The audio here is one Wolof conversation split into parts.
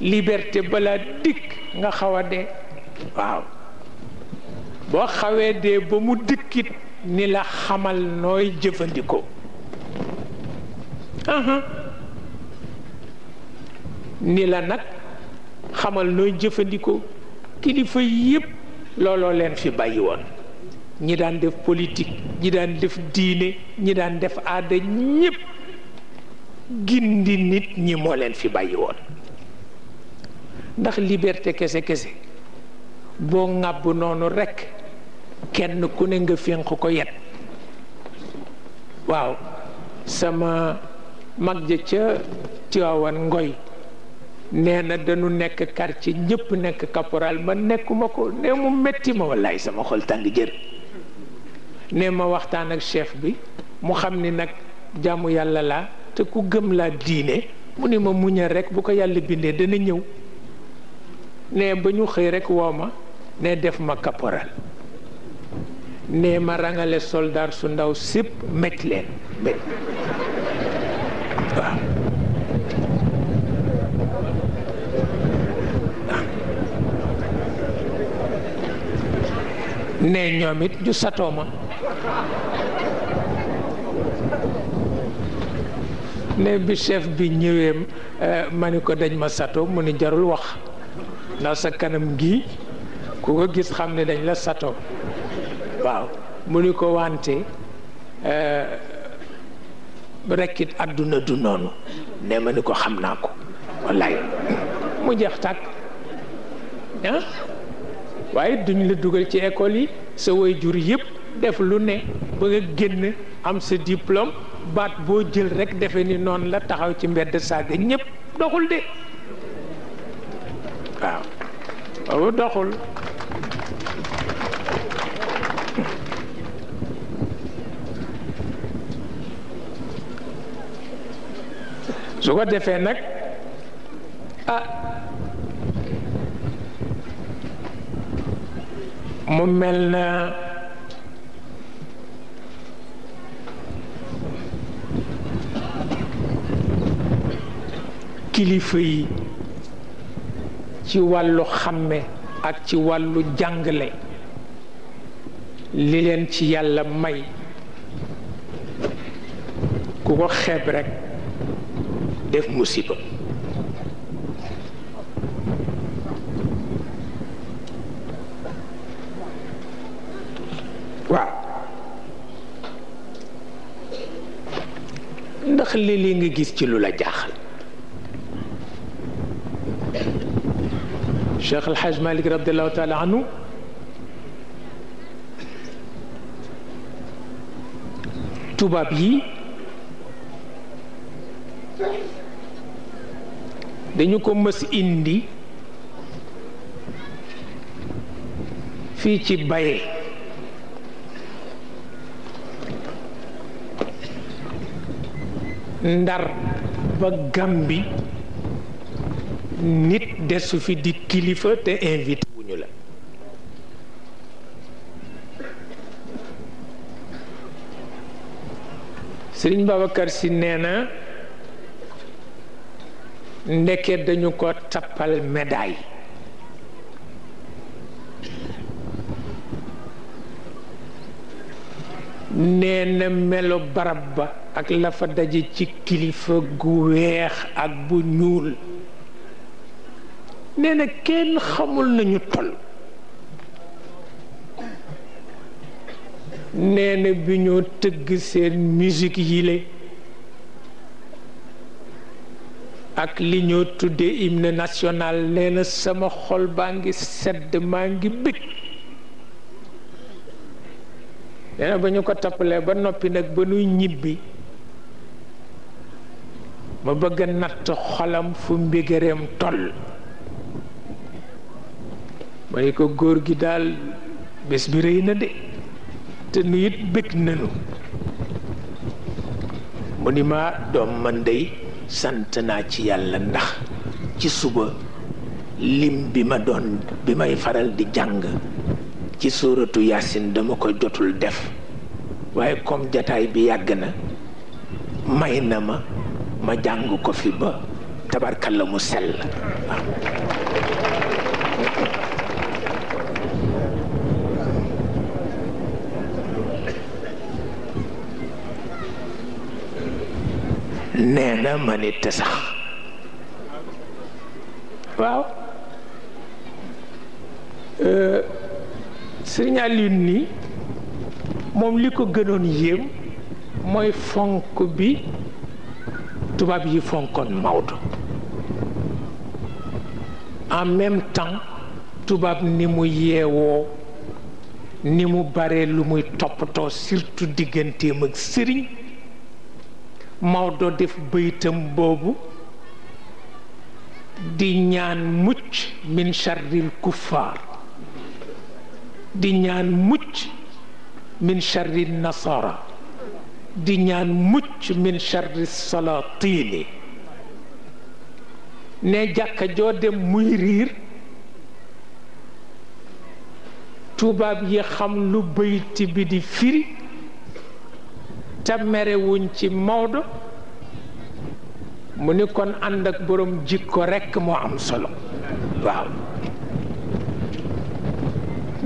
liberté balaa dikk nga xaw a dee waaw boo xawee dee ba mu dëkkit ni la xamal nooy jëfandikoo ni la nag xamal nooy jëfandikoo kilifa yépp looloo leen fi bàyyi woon ñi daan def politique ñi daan def diine ñi daan def aada ñépp gindi nit ñi moo leen fi bàyyi woon ndax liberté kese kese boo ŋàbb noonu rekk kenn ku ne nga fénq ko yet waaw sama mag ja ca Tiwaawan Ngoy nee na dañu nekk quartier ñëpp nekk caporal ma nekkuma ko ne mu metti ma wallaay sama xol tàng jër ne ma waxtaan ak chef bi mu xam ni nag jaamu yàlla laa te ku gëm laa diine mu ni ma muñal rekk bu ko yàlla bindee dana ñëw ne ba ñu xëy rekk woo ma ne def ma caporal ne ma rangale soldaar su ndaw sipp mecc leen mecc waaw ñoom it ñu satoo ma ne bi chef bi ñëwee euh, ma ni ko dañ ma sato mu ne jarul wax ndax sa kanam gi ku gis xam ne dañ la sato waaw mu ni ko wante eh, rekkit àdduna du noonu ne ma ni ko xam naa ko wallaay mu jeex tàkk ah? waaye duñ la dugal ci école yi sa jur yëpp def lu ne ba nga génn am sa diplôme baat boo jël rekk defe ni noonu la taxaw ci mbedd saaga ñëpp doxul de waaw boobu doxul su ko defee nag ah mu mel na kilifa ci wàllu xàmme ak ci wàllu jàngale li leen ci yàlla may ku ko xeeb rekk def musiba waaw ndax li li nga gis ci lu la jaaxal Cheikh El Hadj Malick radiallahu taala anhu tubaab yi dañu ko mës indi fii ci baye ndar ba Gàmbi nit desu fi di kilifa te invité wuñu la sëriñ Babacar si nee na dañu ko tappal médaille nee na melo barab ba ak lafa daje ci kilifa gu weex ak bu ñuul nee kenn xamul nañu toll nee bi ñoo tëgg seen musique yile ak li ñoo tuddee hymne national nee na sama xol baa ngi sedd maa ngi bég nee ba ñu ko tappalee ba noppi nag ba nuy ñibbi ma bëgg a natt xolam fu mbigëreem toll ma ko góor gi daal bés bi rëy na de te nu bëgg nanu mu ni ma doom man dey sant naa ci yàlla ndax ci suba lim bi may faral di jàng ci suuratu yaasin dama ko jotul def waaye comme jataay bi yàgg na may na ma ma jàng ko fi ba tabarkalla mu sell nee ma nit sax waaw euh, sëriñ Alioune ni moom li ko gënoon yéem mooy fonk bi tubaab yi fonkoon Maodo en même temps tubaab ni mu yeewoo ni mu bare lu muy toppatoo surtout digganteem ak sëriñ Maodo def bëytam boobu di ñaan mucc min charril kuffaar di ñaan mucc min charril nasara di ñaan mucc min charril salatini ne jàkka joo dem muy riir tubaab yi xam lu bëyti bi di firi te merewuñ ci Maodo mu ni kon ànd ak borom jikko rekk moo am solo waaw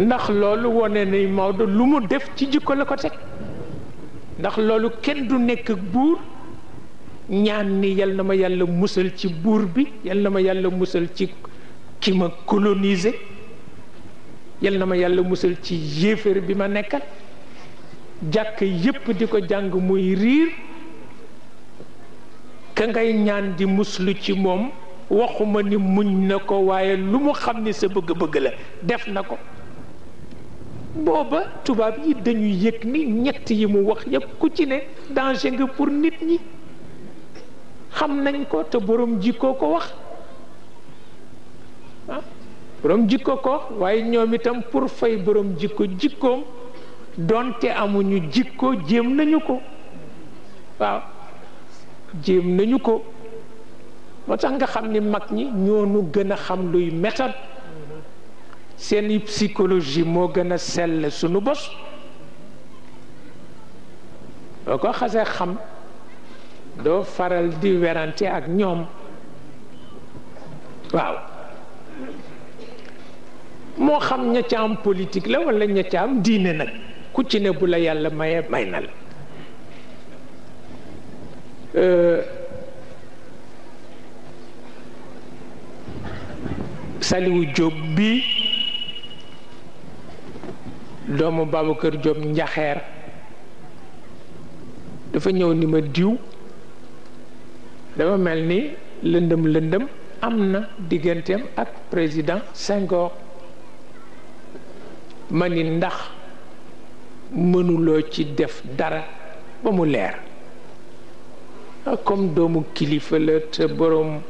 ndax loolu wone ni Maodo lu mu def ci jikko la ko teg ndax loolu kenn du nekk buur ñaan ni yal na ma yàlla musal ci buur bi yal na ma yàlla musal ci ki ma colonisé yal na ma yàlla musal ci yéeféer bi ma nekkal jàkk yépp di ko jàng muy riir ka ngay ñaan di muslu ci moom waxuma ni muñ na ko waaye lu mu xam ni sa bëgg-bëgg la def na ko booba tubaab yi dañuy yëg ni ñett yi mu wax yépp ku ci ne danger nga pour nit ñi xam nañ ko te borom jikkoo ko wax ah borom jikko ko waaye ñoom itam pour fay borom jikko jikkoom donte amuñu jikko jéem nañu ko waaw jéem nañu ko moo tax nga xam ni mag ñi ñoonu gën a xam luy méthode seeni psychologie moo gën a sell suñu bos boo ko xasee xam doo faral di werante ak ñoom waaw moo xam ña ca am politique la walla ña ca diine nag ku ci ne bu la yàlla maye may na la euh, Saliwu Jóob bi doomu Babacar Jóob njaxeer dafa ñëw ni ma diw dafa mel ni lëndëm lëndëm am na digganteem ak président Senghor ma ni ndax mënuloo ci def dara ba mu leer ah, comme doomu kilifa la te boroom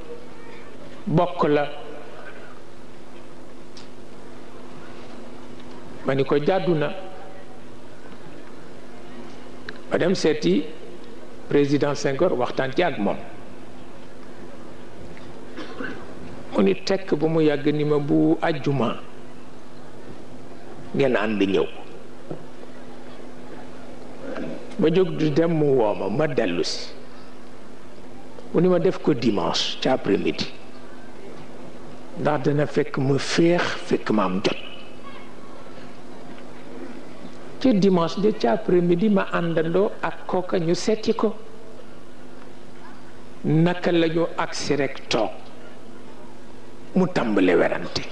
bokk la ma ni ko jàddu na ma dem seeti président Senghor waxtaan ci ak moom mu ni tekk ba mu yàgg ni ma bu àjjuma ngeen ànd ñëw ma jóg du dem mu wooma ma dellusi si mu ni ma def ko dimanche ca après midi ndax dana fekk ma féex fekk ma am jot ca dimanche de ca après midi ma àndandoo ak kooka ñu seeti ko naka la ñu agsi rek toog mu tàmbale werante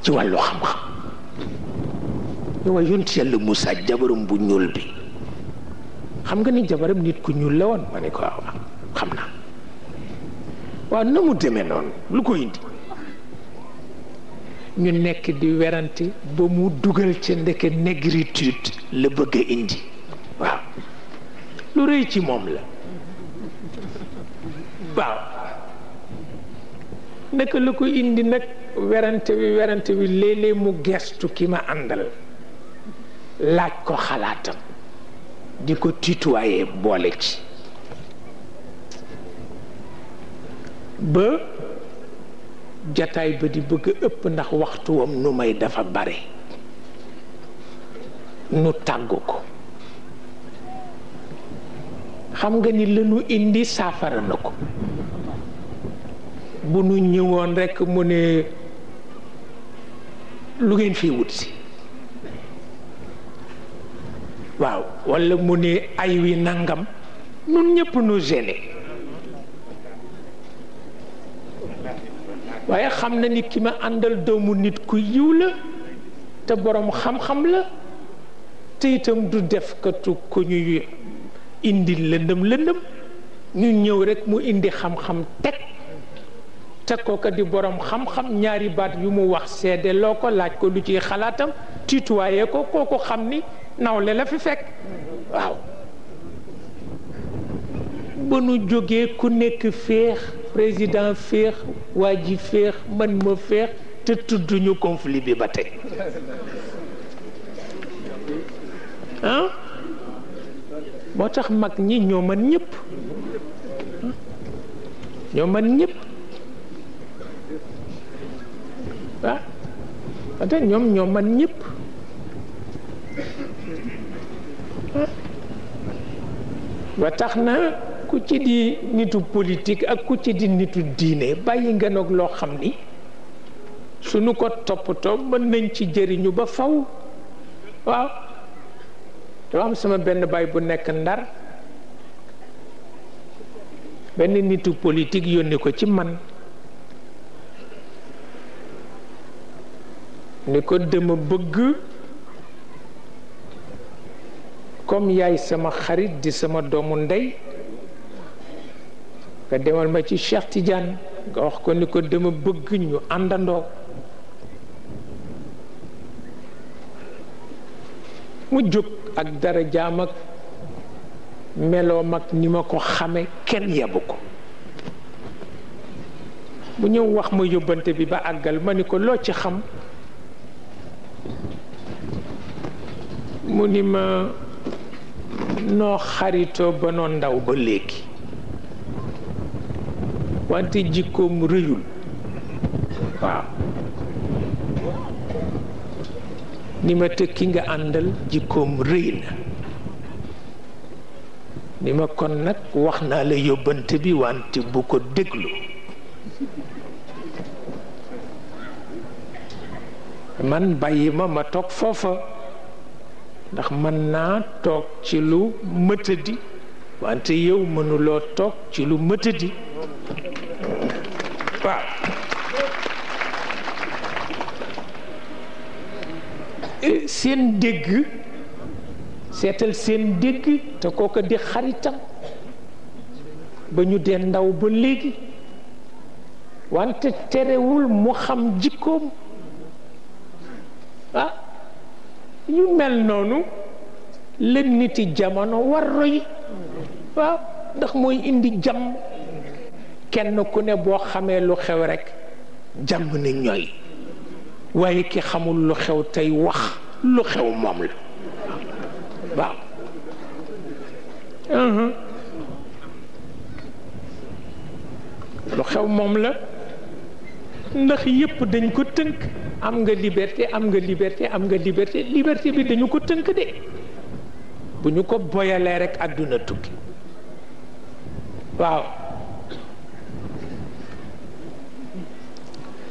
ci wàllu xam-xam ñu waaye yonent yàlla Moussa jabaram bu ñuul bi xam nga ni jabaram nit ku ñuul la woon ma ne ko ah, waaw xam naa waaw na mu demee noon lu ko indi ñu nekk di werante ba mu dugal ca ndeke négritude la bëgg a indi waaw lu rëy ci moom la waaw naka la ko indi nag werante bi werante bi léeg-léeg mu gestu ki ma àndal laaj ko xalaatam di ko tutoyer boole ci ba jataay ba di bëgg ëpp ndax waxtuwam nu may dafa bare nu tàgg ko xam nga ni lanu indi saafara na ko bu nu ñëwoon rekk mu ne lu ngeen fi wut si waaw walla mu ne ay wi nangam nun ñëpp nu gêné waaye xam na ni ki ma àndal doomu nit ku yiw la te boroom xam-xam la te du def ko ku ñuy indi lëndëm lëndëm ñu ñëw rekk mu indi xam teg te kooka di boroom xam-xam ñaari baat yu mu wax seede loo ko laaj ko lu ciy xalaatam tiituwaayee ko ko xam ni nawle la fi fekk waaw ba nu jógee ku nekk féex président féex waa ji féex man ma feex te tudduñu conflit bi ba tey moo tax mag ñi ñoo mën ñëpp ñoo mën ñëpp ah ate ñoom ñoo mën ñëpp ba tax na ku ci di nitu politik ak ku ci di nitu diine bàyyi nga nag loo xam ni suñu ko toppatoo mën nañ ci jariñu ba faw waaw dafa am sama benn baay bu nekk ndar benn nitu politique yónni ko ci man ni ko dama bëgg comme yaay sama xarit di sama doomu ndey nga demal ma ci Cheikh Tidiane nga wax ko ni ko dama bëgg ñu àndandoo mu jóg ak dara jaam ak meloom ak ni ma ko xame kenn yabu ko mu ñëw wax ma yóbbante bi ba àggal ma ni ko loo ci xam mu ni ma noo xaritoo ba noo ndaw ba léegi wante jikkoom rëyul waaw ni ma te nga àndal jikkoom rëy na ni ma kon nag wax naa la yóbbante bi wante bu ko déglu man bàyyi ma ma toog foofa ndax mën naa toog ci lu mëtëdi wante yow mënuloo toog ci lu mëtëdi waaw seen dégg seetal seen dégg te kooko di xaritam ba ñu dee ndaw ba léegi wante terewul mu xam jikkoom yu mel noonu la niti jamono war roy waaw ndax mooy indi jàmm kenn ku ne boo xamee lu xew rekk jàmm na ñooy waaye ki xamul lu xew tey wax lu xew moom la waaw uh-huh. lu xew moom la ndax yëpp dañ ko tënk am nga liberté am nga liberté am nga liberté liberté bi dañu ko tënk de bu ñu ko boyalee rek àdduna tukki waaw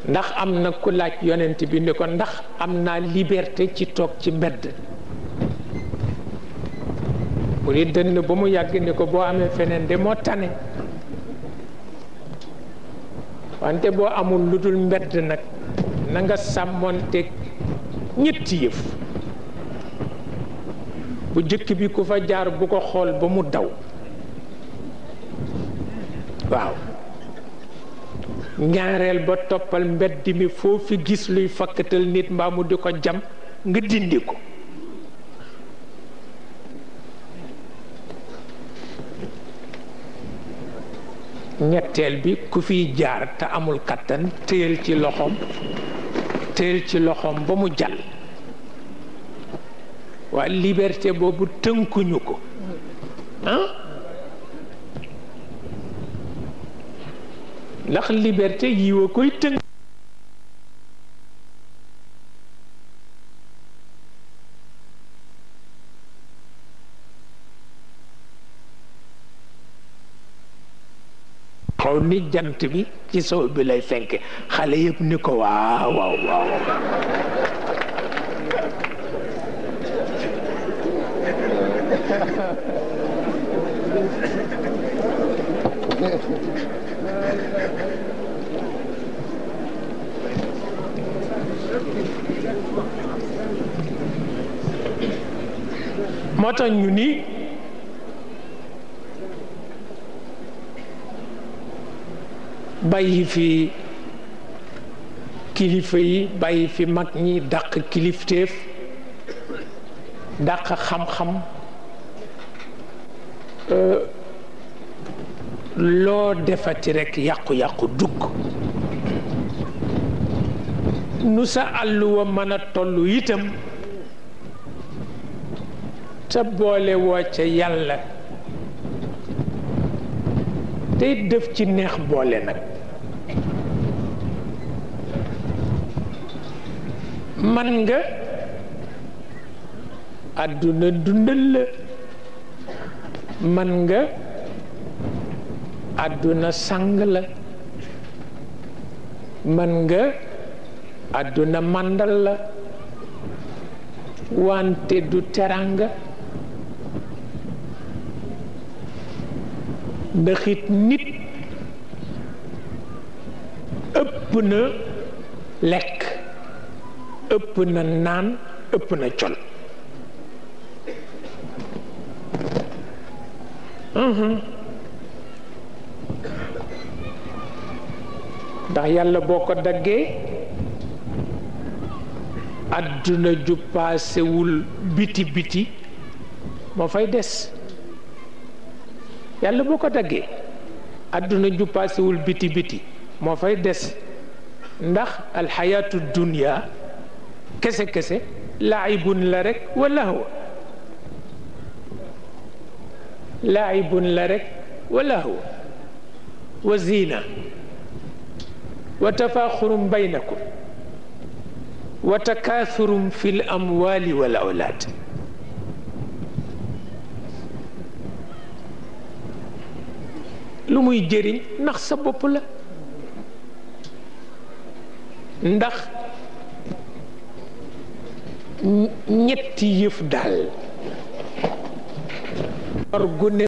ndax am na ku laaj yonent bi ni ko ndax am naa liberté ci toog ci mbedd mu ni dënn ba mu yàgg ni ko boo amee feneen de moo tane wante boo amul lu dul mbedd nag na sàmmoonteeg ñetti yëf bu jëkk bi ku fa jaar bu ko xool ba mu daw waaw ñaareel ba toppal mbedd mi foo gis luy fakkatal nit mbaa mu di ko jam nga dindi ko ñetteel bi ku fiy jaar te amul kàttan téel ci loxoom téel ci loxoom ba mu jàll waa liberté boobu tënkuñu ko ah ndax liberté yiwa koy tënk taxaw ni jant bi ci sow bi lay fenk xale yëpp ni ko waaw waaw waaw moo tax ñu ni bàyyi fi kilifa yi bàyyi fi mag ñi dàq kilifteef dàq xam-xam euh, loo defati rekk yàqu-yàqu dugg nu sa àlluwa mën a tollu itam te boole woo ca yàlla tey def ci neex boole nag man nga àdduna dundal la man nga àdduna sang la man nga àdduna màndal la wante du teranga ndaxit nit ëpp na lekk ëpp na naan ëpp na col mhm. ndax yàlla boo ko daggee àdduna ju biti biti moo fay des yàlla boo ko daggee àdduna ju paasewul biti biti moo fay des ndax alxayaatu dunia kese kese laayibun la rek wa lahwa laayibun la rek wa lahwa wa ziina wa tafaaxurum baynakum wa takaathurum fi l amwaali wal awlaad lu muy jëriñ ndax sa bopp la ndax ñetti yëf daal or gu ne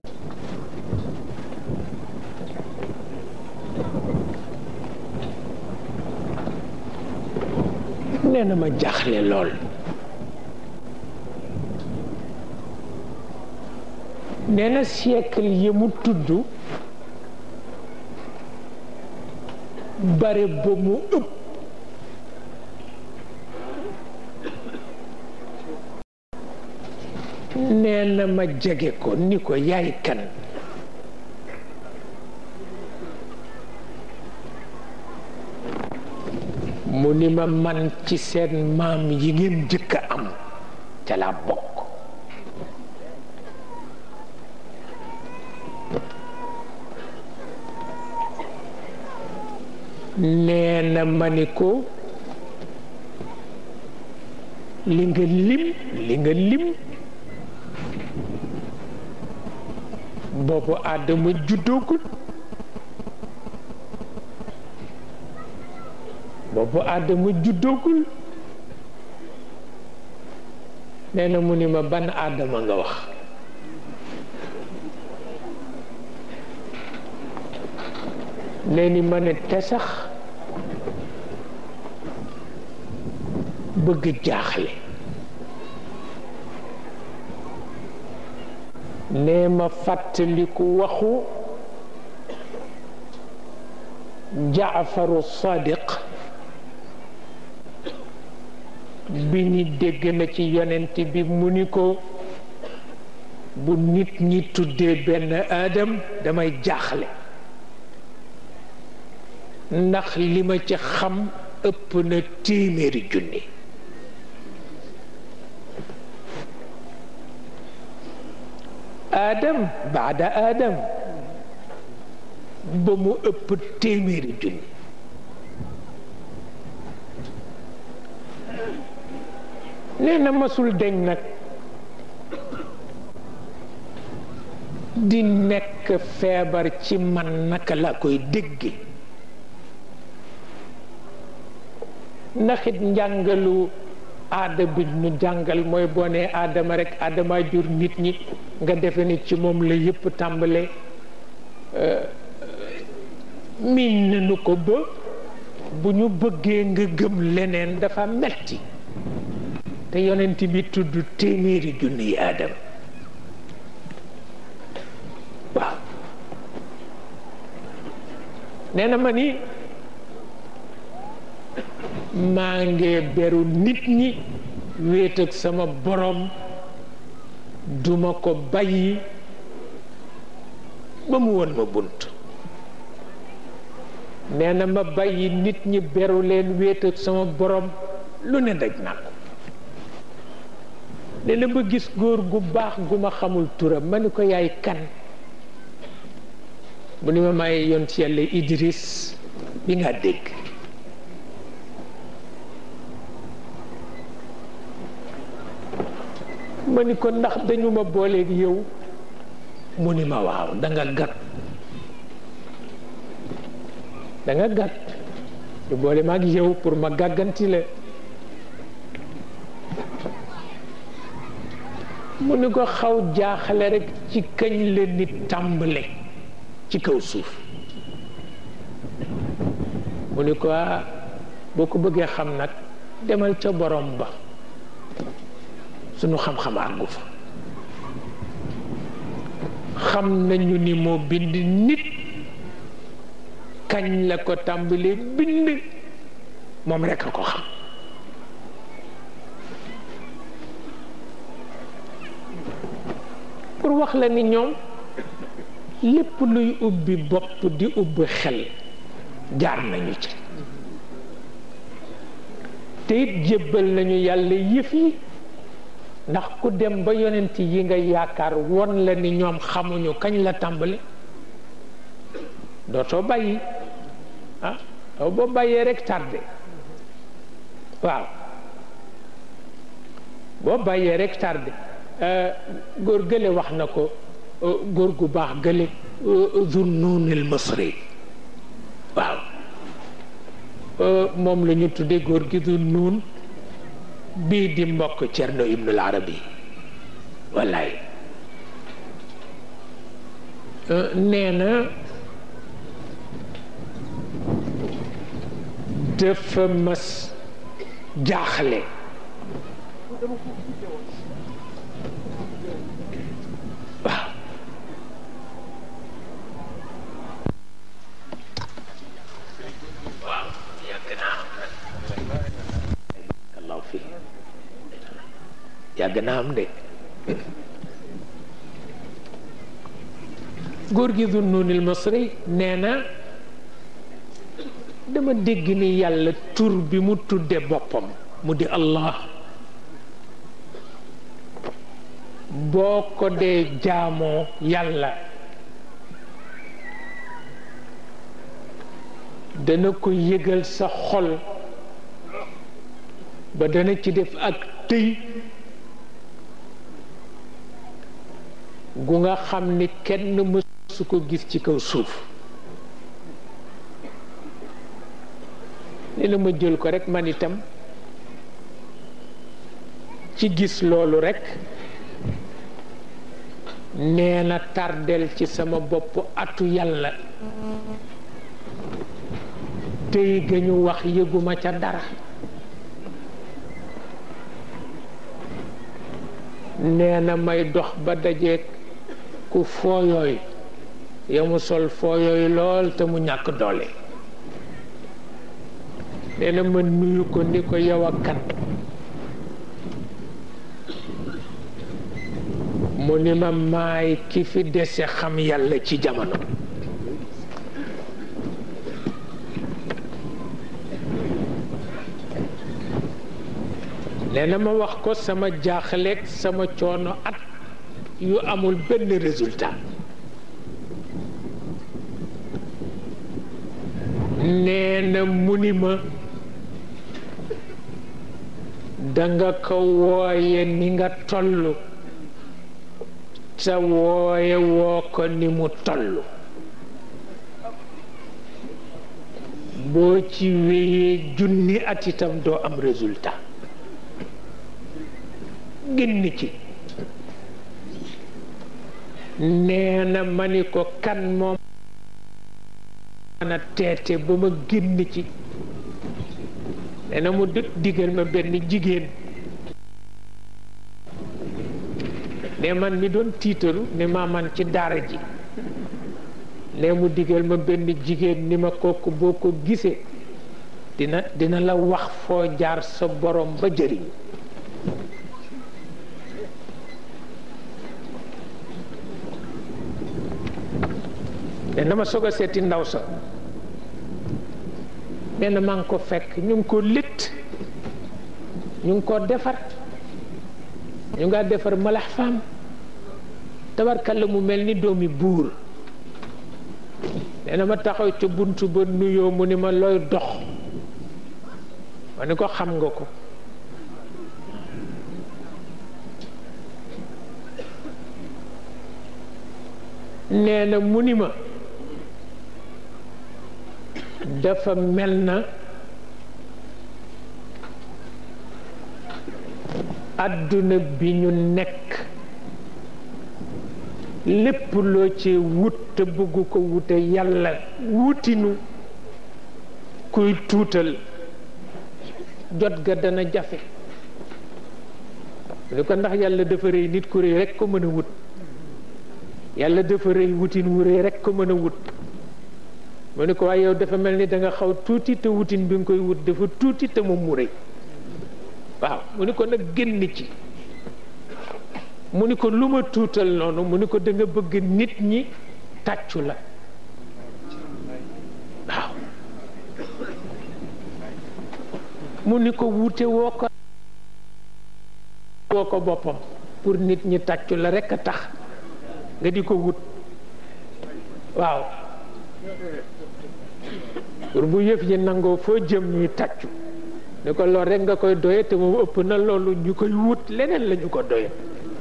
nee na ma jaaxle lool nee na siècle yi mu tudd bare ba mu ëpp na ma jege ko ni ko yaay kan mu ni ma man ci seen maam yi ngeen jëkk am ca laa bokk nee na ma ni ko li nga lim li nga lim boobu Adama juddoogul boobu Adama juddoogul nee na mu ni ma ban Adama nga wax nee ni ma ne te sax bëgg jaaxle nee ma fàttaliku waxu jaafaru sadiq bi ni dégg na ci yonent bi mu ni ko bu nit ñi tuddee benn aadam damay jaaxle ndax li ma ci xam ëpp na téeméeri junni aadam baada aadam ba mu ëpp téeméeri junni nee na masul deñ nag di nekk feebar ci man naka la koy dégge ndaxit njàngalu aada bi ñu jàngal mooy bone nee aadama rek aadama jur nit ñi nga defe ni ci moom la yépp tàmbale euh, miiñ nañu ko ba bu ñu bëggee nga gëm leneen dafa metti te yonent bi tudd téeméeri junni aadama waaw nee ma ni maa ngi beru nit ñi wéet sama borom duma ko bàyyi ba mu woon ma bunt nee na ma bàyyi nit ñi beru leen wéet sama borom lu ne daj naa ko ne na ma gis góor gu baax gu ma xamul tura ma ni ko yaay kan mu ni ma may yoon ci yàlla Idris bi nga dégg ma ni ko ndax dañu ma booleeg yow mu ni ma waaw da nga gàtt da gàtt ñu boole ma ak yow pour ma gàgganti la mu ni ko xaw jaaxale rek ci kañ la nit tàmbale ci kaw suuf mu ni ko ah, boo ko bëggee xam nag demal ca borom ba suñu xam-xam àggu fa xam nañu ni moo bind nit kañ la ko tàmbalee bind moom rekk a ko xam pour wax la ni ñoom lépp luy ubbi bopp di ubbi xel jaar nañu ci te jébbal nañu yàlla yëf yi ndax ku dem ba yonent yi nga yaakaar woon la ni ñoom xamuñu kañ la tàmbali dootoo bàyyi ah doo boo bàyyee rek tardé waaw boo bàyyee rek tardé euh, góor gële wax na ko euh, góor gu baax gële euh, zunnuunil masri waaw moom la ñu tudde góor gi du nuun bii di mbokk Cerno Ibnul Arabi wallaay euh, nee na dafa jaaxle yàgg naa am de góor gi Zunnunil Masri nee na dama dégg ni yàlla tur bi mu tudde boppam mu di Allah boo ko dee jaamoo yàlla dana ko yëgal sa xol ba dana ci def ak tëy gu nga xam ni kenn mësu ko gis ci kaw suuf ni la ma jël ko rekk man itam ci gis loolu rekk nee na tardel ci sama bopp atu yàlla tey ga ñu wax yëguma ca dara nee na may dox ba dajeek ku fooyooy ya mu sol fooyooy lool te mu ñàkk doole nee na ma nuyu ko ni ko yow mu ni ma maay ki fi dese xam yàlla ci jamono nee na ma wax ko sama jaaxleeg sama coono at yu amul benn résultat nee na mu ni ma danga ko wooye ni nga tollu te wooye woo ko ni mu toll boo ci wéyee junni at itam doo am résultat génn ci nee na ma ni ko kan moom mën a teete ba ma génn ci nee na mu digal ma benn jigéen ne man mi doon tiitaru ne maa man ci daara ji ne mu digal ma benn jigéen ni ma kooku boo ko gisee dina dina la wax foo jaar sa borom ba jëriñ te dama soog a seeti ndaw sa nee maa ngi ko fekk ñu ngi ko lit ñu ngi ko defar ñu ngaa defar malax faam tabarkalla mu mel ni doomi buur nee ma taxaw ca bunt ba nuyoo mu ni ma looy dox ma ni ko xam nga ko nee na mu ni ma dafa mel na àdduna bi ñu nekk lépp loo ci wut te bëgg ko wute yàlla wutinu kuy tuutal jot ga dana jafe lu ko ndax yàlla dafa rëy nit ku rëy rekk ko mën wut yàlla dafa rëy wutin wu rëy rekk ko mën a wut ma ne ko waaye yow dafa mel ni danga nga xaw tuuti te wutin bi nga koy wut dafa tuuti te mu muré waaw mu ni ko nag génn ci mu ni ko lu ma tuutal noonu mu ni ko da nga bëgg nit ñi tàccu la waaw mu ni ko wuute woo woo ko boppam pour nit ñi tàccu la rekk a tax nga di ko wut waaw pour bu yëf yi nangoo foo jëm ñuy tàccu ne ko lool rekk nga koy doye te moom ëpp na loolu ñu koy wut leneen la ñu ko doye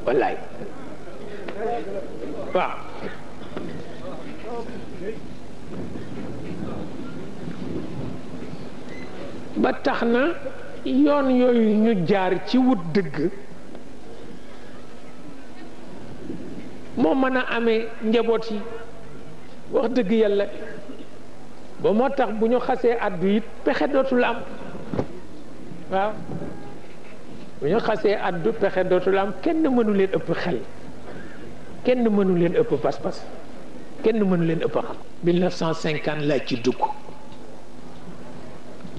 wallaay waaw ba tax na yoon yooyu ñu jaar ci wut dëgg moo mën a amee njaboot yi wax dëgg yàlla ba moo tax bu ñu xasee addu it pexe dootul am waaw bu ñu xasee addu pexe dootul am kenn mënu leen ëpp xel kenn mënu leen ëpp pas-pas kenn mënu leen ëpp xam 1950 laa ci dugg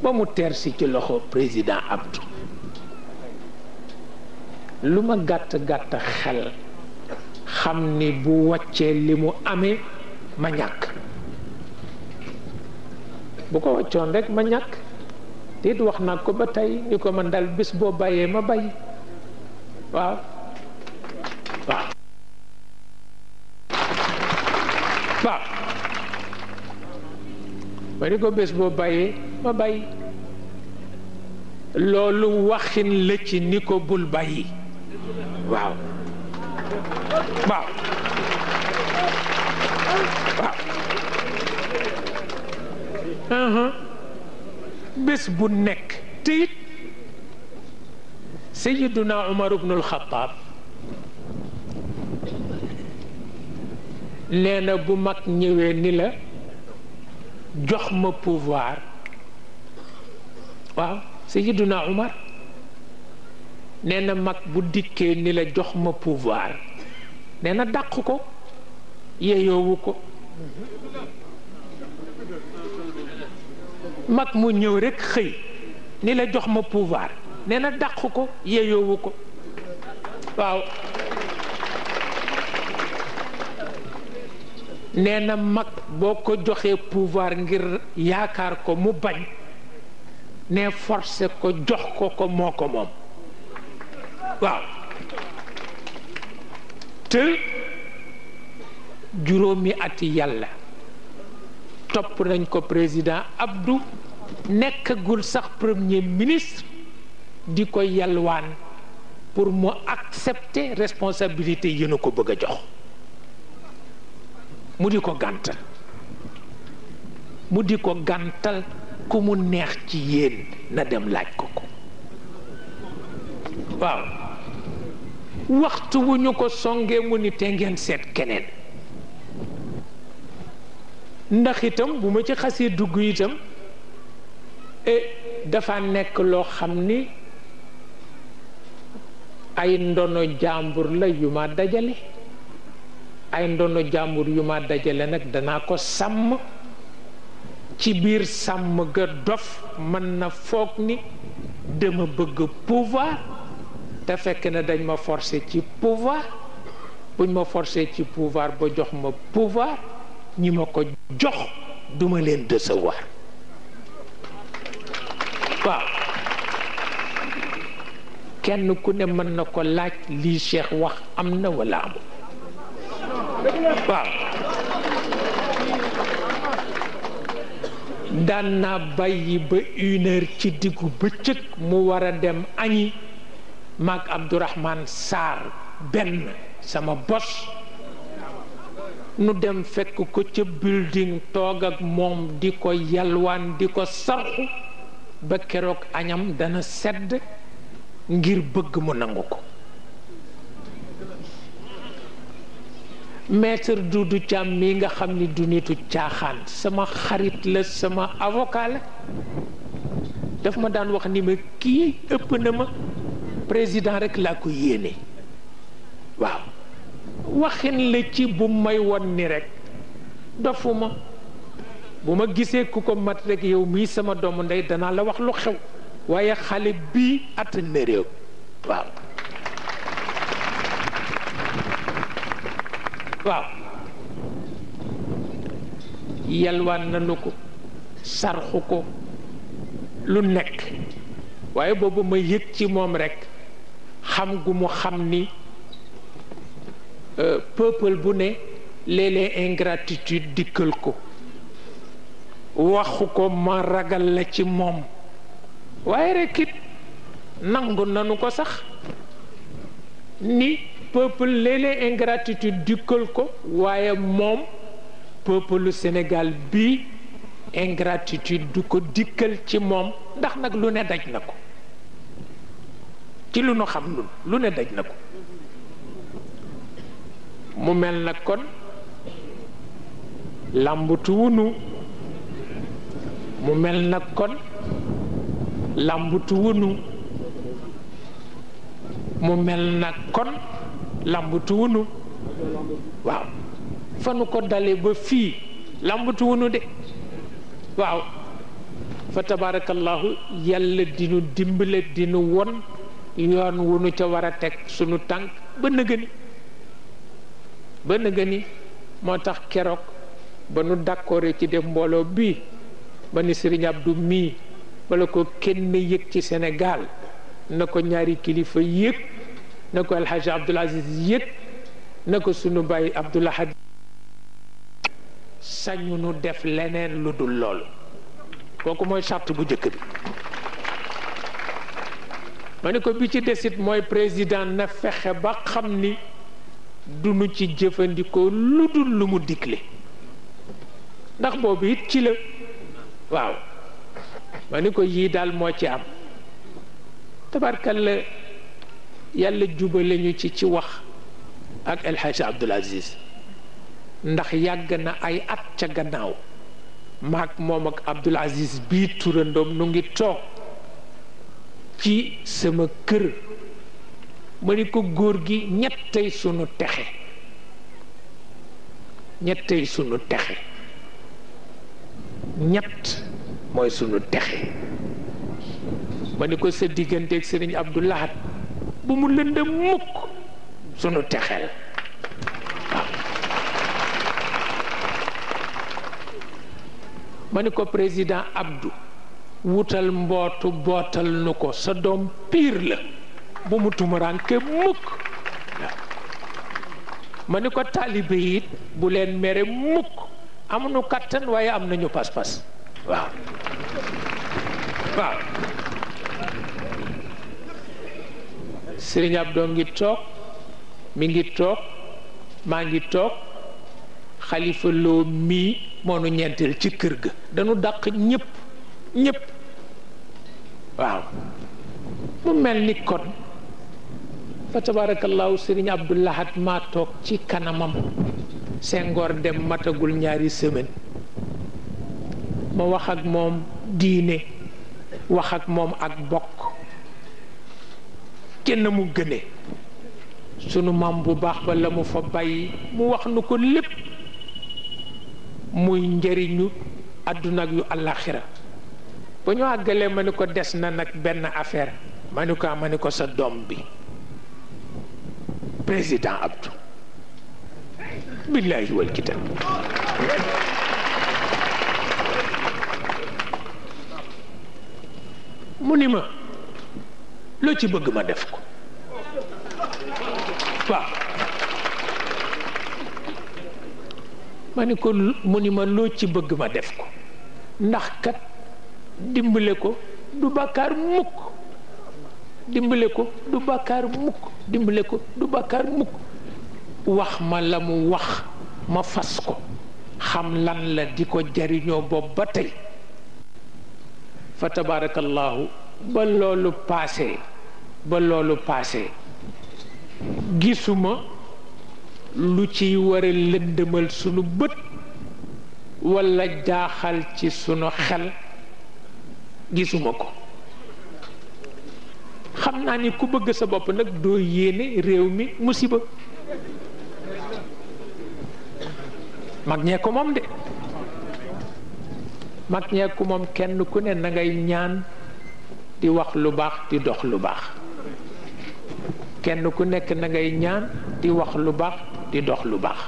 ba mu teer si ci loxo président Abdou lu ma gàtt gàtt xel xam ni bu waccee li mu amee ma ñàkk bu ko wàccoon rekk ma ñàkk te it wax naa ko ba tey ni ko man daal bés boo bàyyee ma bàyyi waaw waaw waaw ni ko bés boo bàyyee ma bàyyi loolu waxin la ni ko bul bàyyi waaw waaw Uh-huh. bés bu nekk te it sayiduna umar ibnul xataab nee bu mag ñëwee ni la jox ma pouvoir waaw sayiduna umar nee mag bu dikkee ni la jox ma pouvoir nee na ko yeeyoowu ko mag mu ñëw rekk xëy ni la jox ma pouvoir nee na dàq ko yeeyoowu ko waaw nee na mag boo ko joxee pouvoir ngir yaakaar ko mu bañ ne forcé ko jox ko ko moo ko moom waaw te juróomi ati yàlla topp nañ ko président Abdou nekkagul sax premier ministre di ko yalwaan pour mu accepter responsabilité yi nu ko bëgg a jox mu di ko gàntal mu di ko gantal ku mu neex ci yéen na dem laaj ko ko waaw waxtu wu ñu ko songee mu ni te ngeen seet keneen ndax itam bu ma ci xasee dugg itam eh, dafa nekk loo xam ni ay ndono jàmbur la yu ma dajale ay ndono jàmbur yu ma dajale nag dana ko sàmm ci biir sàmm ga dof mën na foog ni dama bëgg pouvoir te fekk na dañ ma forcer ci pouvoir buñ ma forcer ci pouvoir ba jox ma pouvoir ñi ma ko jox duma leen décevoir waaw kenn ku ne mën na ko laaj lii Cheikh wax am na wala amul waaw daan naa bàyyi ba une ci diggu bëccëg mu war a dem añi maag Abdourahmane Sarr benn sama bos nu dem fekk ko ca building toog ak moom di ko yalwaan di ko sarxu ba keroog añam dana sedd ngir bëgg mu nangu ko meetar Doudou Thiam mi nga xam ni du nitu caaxaan sama xarit la sama avocat la daf ma daan wax ni ma kii ëpp na ma président rekk laa ko yéene waaw waxin la ci bu may won ni rek dofuma bu ma gisee ku ko mat rek yow mii sama doomu ndey danaa la wax lu xew waaye xale bii at na réew waaw yalwaan nanu ko sarxu ko lu nekk waaye boobu ma yëg ci moom rekk xam gu mu xam ni Euh, peuple bu ne léeg-léeg ingratitude dikkal ko waxu ko ma ragal la ci moom waaye rekkit it nangu nanu ko sax ni peuple léeg-léeg ingratitude dikkal ko waaye moom peuple Sénégal bi ingratitude du ko dikkal ci moom ndax nag lu ne daj na ko ci lu nu xam lu ne daj na ko mu mel na kon làmbutuwunu mu mel na kon làmbutuwunu mu mel na kon làmbutuwunu waaw ko dale ba fii làmbutuwunu de waaw fa tabaarakallaahu yàlla dinu dimbale dinu won yoon wu nu ca war a teg sunu tànk ba nëgëni ba nga ni moo tax keroog ba nu d'accord ci def mbooloo bi ba ni Serigne Abdou mii bala ko kenn yëg ci Sénégal na ko ñaari kilifa yëg na ko alxaaji Abdoul Aziz yëg na ko sunu bàyyi Abdoul Ahad sañu nu def leneen lu dul loolu kooku mooy charte bu njëkk bi ma ne ko bi ci desit mooy président na fexe ba xam ni duñu ci jëfandikoo lu dul lu mu digle ndax boobu it ci la waaw ma ni ko yii daal moo ci am tabarkalla yàlla jubale ñu ci ci wax ak El Hadj Abdoul ndax yàgg na ay at ca gannaaw maak moom ak Abdoul Aziz bii turandoom nu ngi toog ci sama kër ma ni ko góor gi ñettey sunu texe ñettey sunu texe ñett mooy sunu texe ma ni ko sa digganteeg sëriñ Abdou Lahad bu mu lënd mukk sunu texe la ma ni ko président Abdou wutal mbootu bootal nu ko sa doom piir la bu mu tumuraanke mukk ma ni ko taalibe yi bu leen mere mukk amuñu kàttan waaye am nañu pas-pas waaw waaw Sëriñ ngi toog mi ngi toog maa ngi toog xalifa loo mii moonu ñeenteel ci kër ga dañu daq ñëpp ñëpp waaw mu mel ni kon fa tabaarakallaahu sëriñ Abdou Lahad maa ci kanamam Senghor dem matagul ñaari semaine ma wax ak moom diine wax ak moom ak bokk kenn mu gëne sunu maam bu baax ba la mu fa bàyyi mu wax nu ko lépp muy njariñu àdduna ak yu àllaaxira ba ñu àggalee ma ni ko des na nag benn affaire ma ni ko ah, ma ni ko sa doom bi président Abdou billaahi wal mu ni ma loo ci bëgg ma def ko waaw ma ni ko mu ni ma loo ci bëgg ma def ko ndax kat dimbale ko du bàkkaar mukk dimbale ko du bàkkaar mukk dimbale ko du bàkkaar mukk wax ma la mu wax ma fas ko xam lan la di ko jariñoo boobu ba tey fa tabaarakallaahu ba loolu paase ba loolu paase gisuma lu ciy wara a lëndëmal sunu bët walla jaaxal ci sunu xel gisuma ko xam naa ni ku bëgg sa bopp nag doo yéene réew mi musiba mag ñee ko moom de mag ñee ko moom kenn ku ne na ngay ñaan di wax lu baax di dox lu baax kenn ku nekk na ngay ñaan di wax lu baax di dox lu baax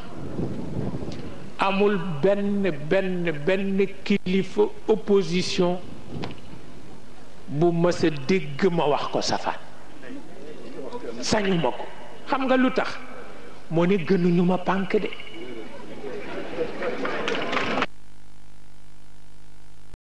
amul benn benn benn kilifa opposition bu mës a dégg ma wax ko safaan sañuma ko xam nga lu tax moo ne gënuñu ma pànk de